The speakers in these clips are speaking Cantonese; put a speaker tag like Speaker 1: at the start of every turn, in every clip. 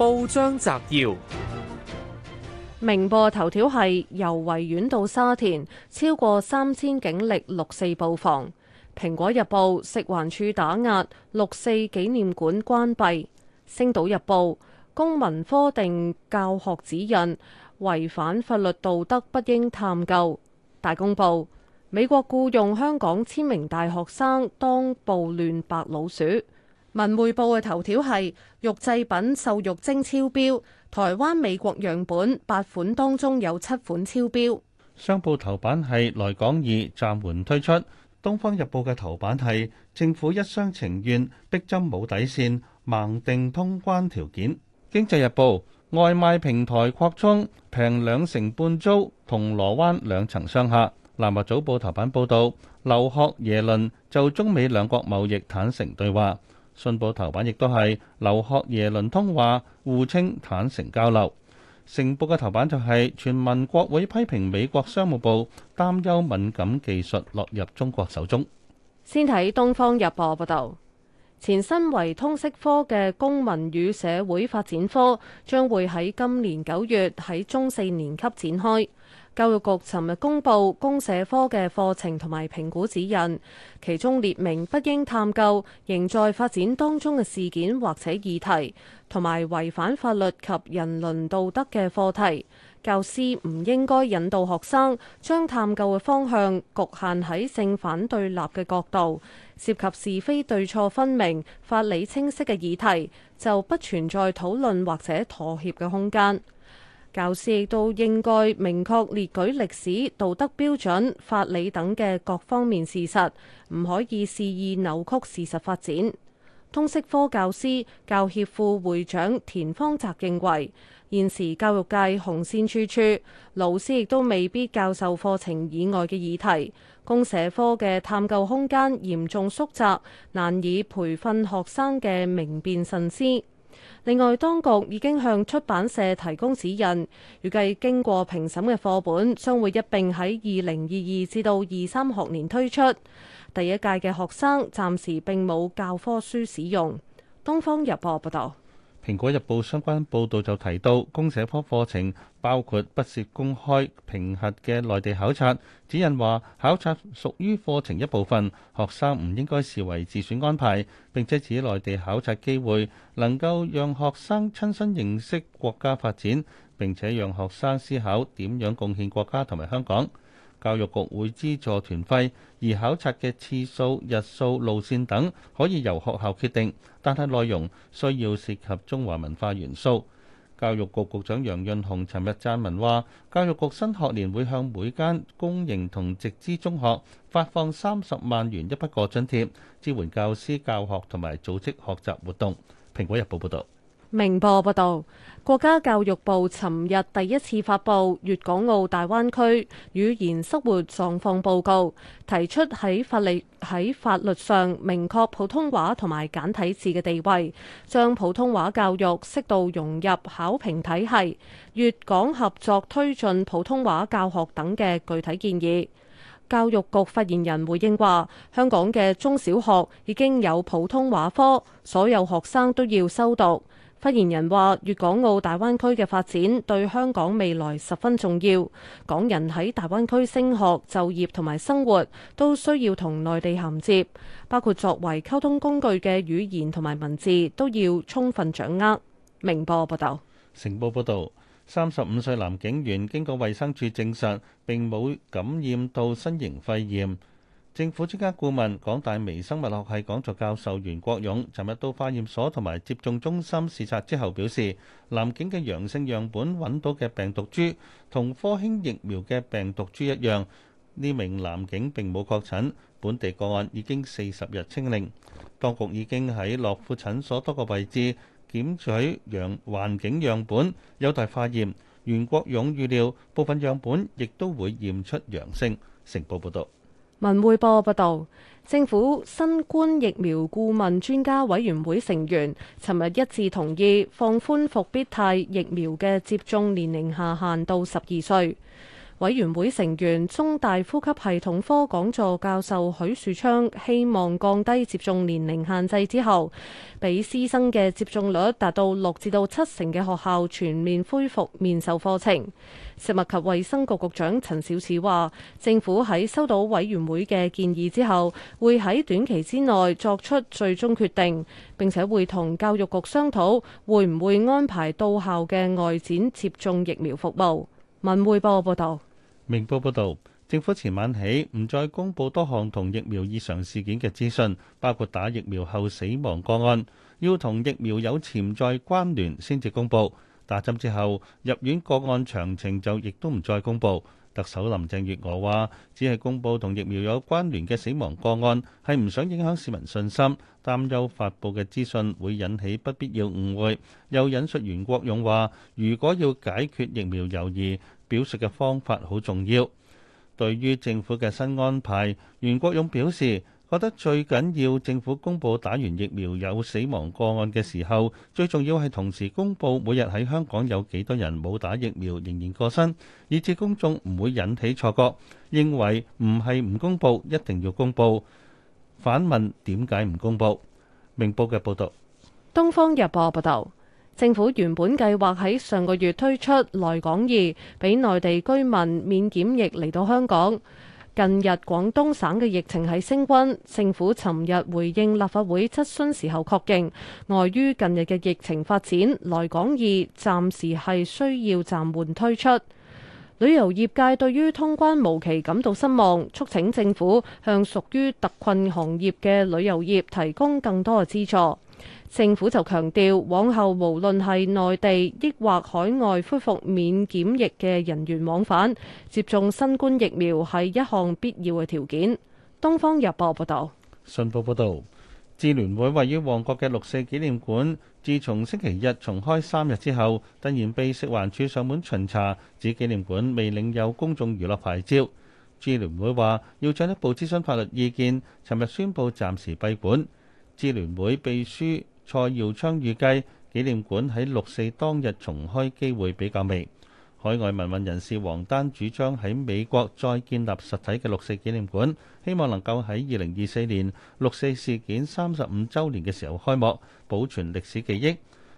Speaker 1: 報
Speaker 2: 章摘要：
Speaker 1: 明報頭條係由維園到沙田超過三千警力，六四布防。蘋果日報食環署打壓六四紀念館關閉。星島日報公民科定教學指引違反法律道德不應探究。大公報美國僱傭香港千名大學生當暴亂白老鼠。文匯報嘅頭條係肉製品瘦肉精超標，台灣美國樣本八款當中有七款超標。商
Speaker 2: 報頭版係來港易暫緩推出。東方日報嘅頭版係政府一廂情願逼針冇底線，盲定通關條件。經濟日報外賣平台擴充，平兩成半租，銅鑼灣兩層商客。南華早報頭版報道，劉鶴耶倫就中美兩國貿易坦誠對話。信報頭版亦都係劉鶴、耶倫通話互稱坦誠交流。成報嘅頭版就係全民國會批評美國商務部擔憂敏感技術落入中國手中。
Speaker 1: 先睇《東方日報》報道：「前身為通識科嘅公民與社會發展科將會喺今年九月喺中四年級展開。教育局尋日公布公社科嘅課程同埋評估指引，其中列明不應探究仍在發展當中嘅事件或者議題，同埋違反法律及人倫道德嘅課題。教師唔應該引導學生將探究嘅方向局限喺正反對立嘅角度。涉及是非對錯分明、法理清晰嘅議題，就不存在討論或者妥協嘅空間。教師亦都應該明確列舉歷史、道德標準、法理等嘅各方面事實，唔可以肆意扭曲事實發展。通識科教師、教協副會長田方澤認為，現時教育界紅線處處，老師亦都未必教授課程以外嘅議題，公社科嘅探究空間嚴重縮窄，難以培訓學生嘅明辨慎思。另外，當局已經向出版社提供指引，預計經過評審嘅課本將會一並喺二零二二至到二三學年推出。第一屆嘅學生暫時並冇教科書使用。東方日報報道。
Speaker 2: 《蘋果日報》相關報導就提到，公社科課程包括不設公開評核嘅內地考察。指引話，考察屬於課程一部分，學生唔應該視為自選安排。並且指內地考察機會能夠讓學生親身認識國家發展，並且讓學生思考點樣貢獻國家同埋香港。教育局會資助團費，而考察嘅次數、日數、路線等可以由學校決定，但係內容需要涉及中華文化元素。教育局局長楊潤雄尋日撰文話，教育局新學年會向每間公營同直資中學發放三十萬元一筆過津貼，支援教師教學同埋組織學習活動。《蘋果日報》報導。
Speaker 1: 明報報道，國家教育部尋日第一次發佈《粵港澳大灣區語言生活狀況報告》，提出喺法例，喺法律上明確普通話同埋簡體字嘅地位，將普通話教育適度融入考評體系，粵港合作推進普通話教學等嘅具體建議。教育局發言人回應話，香港嘅中小學已經有普通話科，所有學生都要修讀。發言人話：粵港澳大灣區嘅發展對香港未來十分重要，港人喺大灣區升學、就業同埋生活都需要同內地銜接，包括作為溝通工具嘅語言同埋文字都要充分掌握。明報報道，
Speaker 2: 成報報道，三十五歲男警員經過衛生署證實，並冇感染到新型肺炎。政府專家顧問、港大微生物學系講座教授袁國勇，尋日到化驗所同埋接種中心視察之後，表示男警嘅陽性樣本揾到嘅病毒株同科興疫苗嘅病毒株一樣。呢名男警並冇確診，本地個案已經四十日清零。當局已經喺樂富診所多個位置檢取陽環境樣本，有待化驗。袁國勇預料部分樣本亦都會驗出陽性。成報報道。
Speaker 1: 文匯報報道，政府新冠疫苗顧問專家委員會成員尋日一致同意放寬復必泰疫苗嘅接種年齡下限到十二歲。委員會成員、中大呼吸系統科講座教授許樹昌希望降低接種年齡限制之後，俾師生嘅接種率達到六至到七成嘅學校全面恢復面授課程。食物及衛生局局長陳肇始話：政府喺收到委員會嘅建議之後，會喺短期之內作出最終決定，並且會同教育局商討，會唔會安排到校嘅外展接種疫苗服務。文匯報報導。
Speaker 2: 明報報導，政府前晚起唔再公布多項同疫苗異常事件嘅資訊，包括打疫苗後死亡個案，要同疫苗有潛在關聯先至公布。打針之後，入院個案詳情就亦都唔再公布。特首林鄭月娥話：只係公布同疫苗有關聯嘅死亡個案，係唔想影響市民信心，擔憂發布嘅資訊會引起不必要誤會。又引述袁國勇話：如果要解決疫苗猶疑，表述嘅方法好重要。對於政府嘅新安排，袁國勇表示，覺得最緊要政府公布打完疫苗有死亡個案嘅時候，最重要係同時公布每日喺香港有幾多人冇打疫苗仍然過身，以致公眾唔會引起錯覺，認為唔係唔公佈一定要公佈。反問點解唔公佈？明報嘅報導。
Speaker 1: 《東方日報》報道，政府原本計劃喺上個月推出來港易，俾內地居民免檢疫嚟到香港。近日廣東省嘅疫情喺升溫，政府尋日回應立法會質詢時候確認，礙於近日嘅疫情發展，來港易暫時係需要暫緩推出。旅遊業界對於通關無期感到失望，促請政府向屬於特困行業嘅旅遊業提供更多嘅資助。政府就強調，往後無論係內地抑或海外恢復免檢疫嘅人員往返，接種新冠疫苗係一項必要嘅條件。《東方日報》報道。
Speaker 2: 《信報》報道，支聯會位於旺角嘅六四紀念館，自從星期日重開三日之後，突然被食環署上門巡查，指紀念館未領有公眾娛樂牌照。支聯會話要進一步諮詢法律意見，尋日宣布暫時閉館。支聯會秘書蔡耀昌預計紀念館喺六四當日重開機會比較微。海外民運人士王丹主張喺美國再建立實體嘅六四紀念館，希望能夠喺二零二四年六四事件三十五週年嘅時候開幕，保存歷史記憶。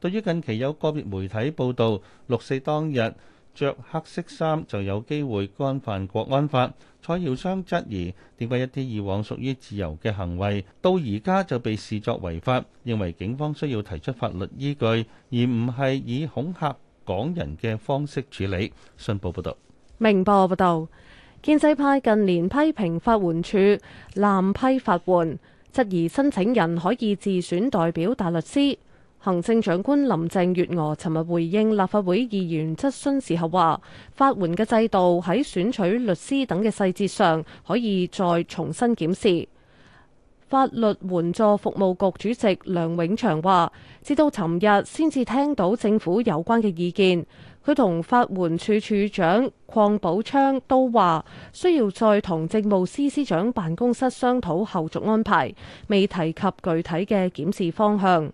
Speaker 2: 對於近期有個別媒體報道，六四當日，着黑色衫就有機會干犯國安法。蔡耀昌質疑：點解一啲以往屬於自由嘅行為，到而家就被視作違法？認為警方需要提出法律依據，而唔係以恐嚇港人嘅方式處理。信報報道。
Speaker 1: 明報報道，建制派近年批評法援處濫批法援，質疑申請人可以自選代表大律師。行政長官林鄭月娥尋日回應立法會議員質詢時候話，法援嘅制度喺選取律師等嘅細節上可以再重新檢視。法律援助服務局主席梁永祥話，直到尋日先至聽到政府有關嘅意見。佢同法援處處長鄺寶昌都話，需要再同政務司司長辦公室商討後續安排，未提及具體嘅檢視方向。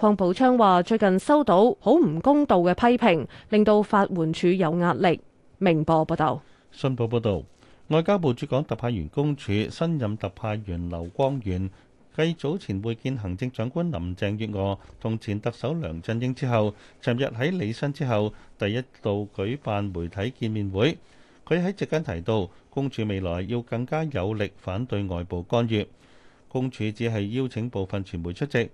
Speaker 1: 鄺寶昌話：最近收到好唔公道嘅批評，令到法援處有壓力。明報報道，
Speaker 2: 新報報道，外交部駐港特派員公署新任特派員劉光源繼早前會見行政長官林鄭月娥同前特首梁振英之後，尋日喺履新之後第一度舉辦媒體見面會。佢喺席間提到，公署未來要更加有力反對外部干預。公署只係邀請部分傳媒出席。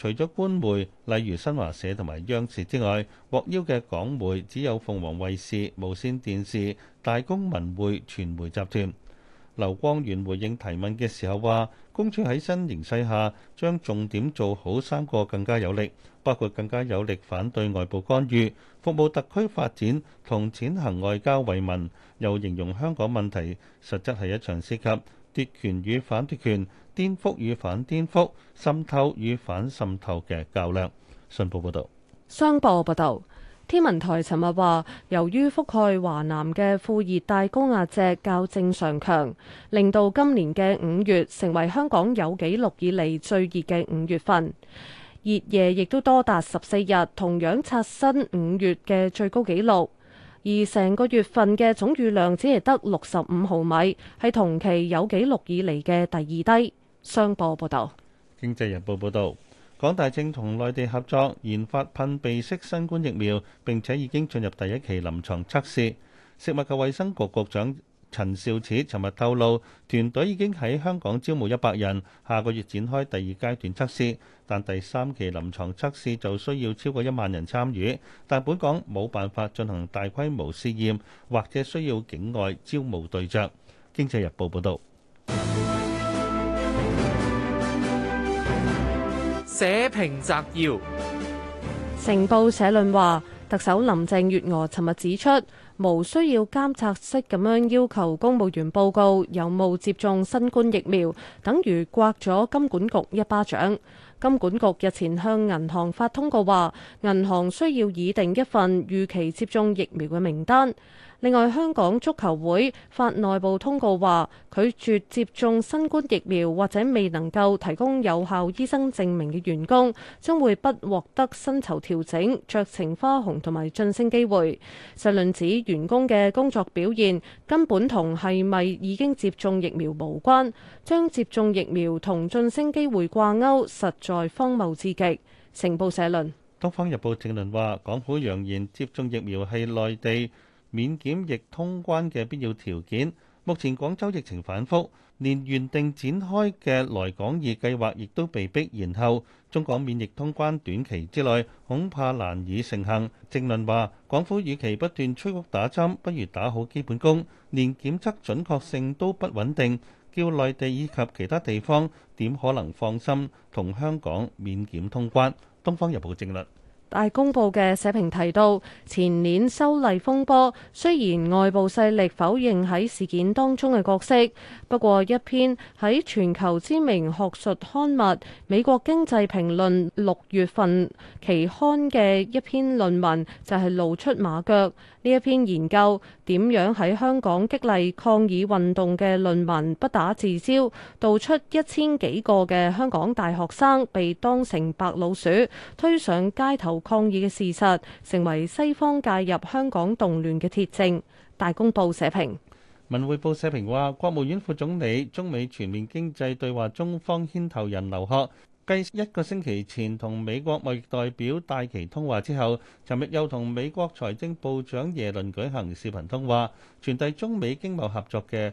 Speaker 2: 除咗官媒，例如新華社同埋央視之外，獲邀嘅港媒只有鳳凰衛視、無線電視、大公文匯傳媒集團。劉光源回應提問嘅時候話，公署喺新形勢下，將重點做好三個更加有力，包括更加有力反對外部干預、服務特區發展同踐行外交為民。又形容香港問題實質係一場涉及奪權與反奪權。顛覆與反顛覆、滲透與反滲透嘅較量。信報報道，
Speaker 1: 商報報道，天文台尋日話，由於覆蓋華南嘅副熱帶高壓脊較正常強，令到今年嘅五月成為香港有紀錄以嚟最熱嘅五月份，熱夜亦都多達十四日，同樣刷新五月嘅最高紀錄。而成個月份嘅總雨量只係得六十五毫米，係同期有記錄以嚟嘅第二低。商報報道，
Speaker 2: 《經濟日報》報道，港大正同內地合作研發噴鼻式新冠疫苗，並且已經進入第一期臨床測試。食物及衛生局局長陳肇始尋日透露，團隊已經喺香港招募一百人，下個月展開第二階段測試，但第三期臨床測試就需要超過一萬人參與。但本港冇辦法進行大規模試驗，或者需要境外招募對象。經濟日報報導。社評摘要：
Speaker 1: 《成報社論》話，特首林鄭月娥尋日指出。無需要監察式咁樣要求公務員報告有冇接種新冠疫苗，等於刮咗金管局一巴掌。金管局日前向銀行發通告話，銀行需要擬定一份預期接種疫苗嘅名單。另外，香港足球會發內部通告話，拒絕接種新冠疫苗或者未能夠提供有效醫生證明嘅員工，將會不獲得薪酬調整、酌情花紅同埋晉升機會。社論指，員工嘅工作表現根本同係咪已經接種疫苗無關，將接種疫苗同晉升機會掛鈎，實在荒謬至極。成報社論，
Speaker 2: 《東方日報》正論話，港府揚言接種疫苗係內地免檢疫通關嘅必要條件，目前廣州疫情反覆，連原定展開嘅來港易計劃亦都被迫延後。中港免疫通關短期之內恐怕難以成行。政論話：港府與其不斷催谷打針，不如打好基本功。連檢測準確性都不穩定，叫內地以及其他地方點可能放心同香港免檢通關？《東方日報》政論。
Speaker 1: 大公報嘅社評提到，前年修例風波雖然外部勢力否認喺事件當中嘅角色，不過一篇喺全球知名學術刊物《美國經濟評論》六月份期刊嘅一篇論文就係露出馬腳。呢一篇研究點樣喺香港激勵抗議運動嘅論文不打自招，道出一千幾個嘅香港大學生被當成白老鼠，推上街頭。抗議嘅事實成為西方介入香港動亂嘅鐵證。大公報社評，文匯報
Speaker 2: 社評話，國務院副總理中美全面經濟對話中方牽頭人劉鶴，繼一個星期前同美國貿易代表戴琪通話之後，尋日又同美國財政部長耶倫舉行視頻通話，傳遞中美經貿合作嘅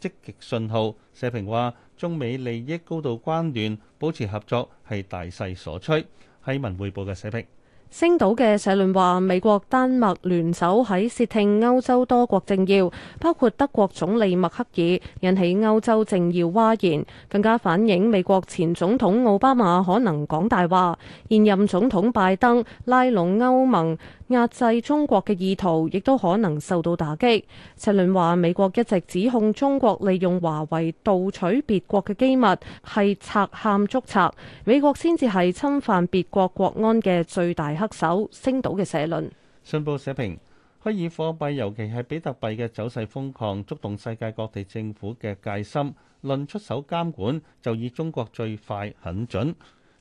Speaker 2: 積極信號。社評話，中美利益高度關聯，保持合作係大勢所趨，係文匯報嘅社評。
Speaker 1: 星島嘅社論話，美國丹麥聯手喺竊聽歐洲多國政要，包括德國總理默克爾，引起歐洲政要嘩然，更加反映美國前總統奧巴馬可能講大話，現任總統拜登拉攏歐盟。壓制中國嘅意圖亦都可能受到打擊。赤倫話：美國一直指控中國利用華為盜取別國嘅機密，係賊喊捉賊。美國先至係侵犯別國國安嘅最大黑手。星島嘅社論。
Speaker 2: 信報社評：虛擬貨幣，尤其係比特幣嘅走勢瘋狂，觸動世界各地政府嘅戒心。論出手監管，就以中國最快、狠準。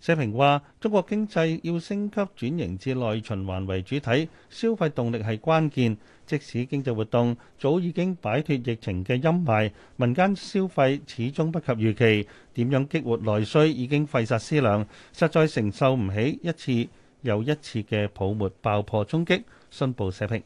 Speaker 2: 社評話：中國經濟要升級轉型至內循環為主體，消費動力係關鍵。即使經濟活動早已經擺脫疫情嘅陰霾，民間消費始終不及預期。點樣激活內需已經費煞思量，實在承受唔起一次又一次嘅泡沫爆破衝擊。信報社評。